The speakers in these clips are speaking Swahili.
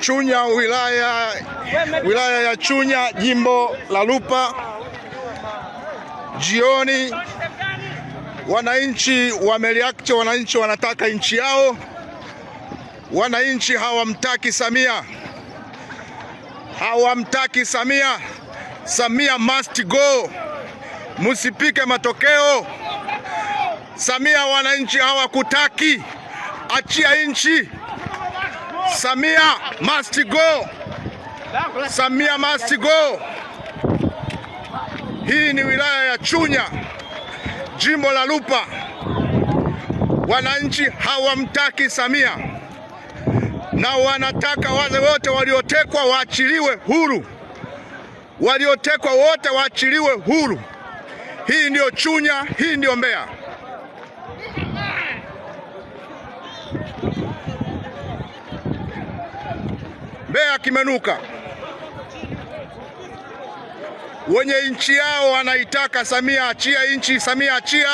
Chunya wilaya, wilaya ya Chunya jimbo la Lupa. Jioni wananchi wamereact, wananchi wanataka nchi yao, wananchi hawamtaki Samia, hawamtaki Samia. Samia must go, musipike matokeo. Samia, wananchi hawakutaki, achia nchi. Samia must go. Samia must go. Hii ni wilaya ya Chunya, jimbo la Lupa. Wananchi hawamtaki Samia na wanataka wale wote waliotekwa waachiliwe huru, waliotekwa wote waachiliwe huru. Hii ndiyo Chunya, hii ndiyo Mbeya. Mbeya kimenuka. Wenye nchi yao wanaitaka Samia achia nchi, Samia achia.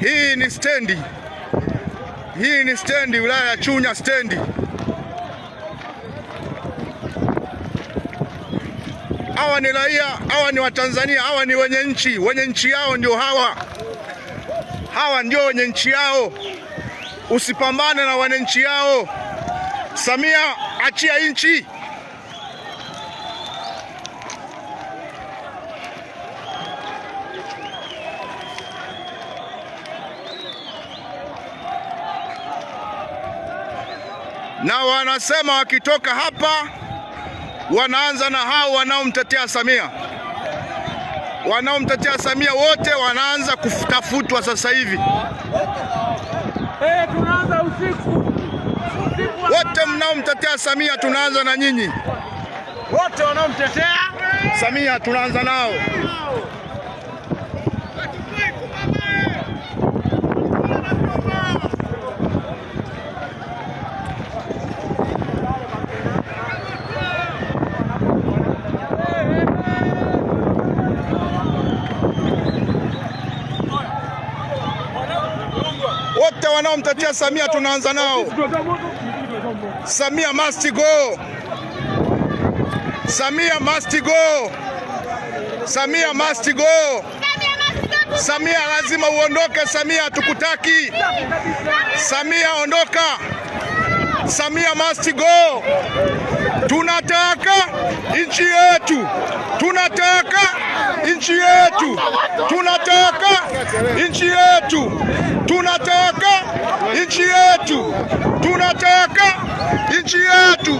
Hii ni stendi, hii ni stendi, wilaya ya Chunya stendi. hawa ni raia, hawa ni Watanzania, hawa ni wenye nchi, wenye nchi yao ndio hawa, hawa ndio wenye nchi yao. Usipambane na wananchi yao. Samia, achia nchi. Na wanasema wakitoka hapa wanaanza na hao wanaomtetea Samia, wanaomtetea Samia wote wanaanza kutafutwa sasa hivi. Hey, eh, tunaanza usiku. Usiku wote mnaomtetea Samia tunaanza na nyinyi. Wote wanaomtetea Samia tunaanza nao. wote wanaomtetea Samia tunaanza nao. Samia must go. Samia must go. Samia must go. Samia lazima uondoke. Samia tukutaki. Samia ondoka. Samia must go. Tunataka nchi yetu, tunataka nchi yetu, tunataka nchi yetu tunataka nchi yetu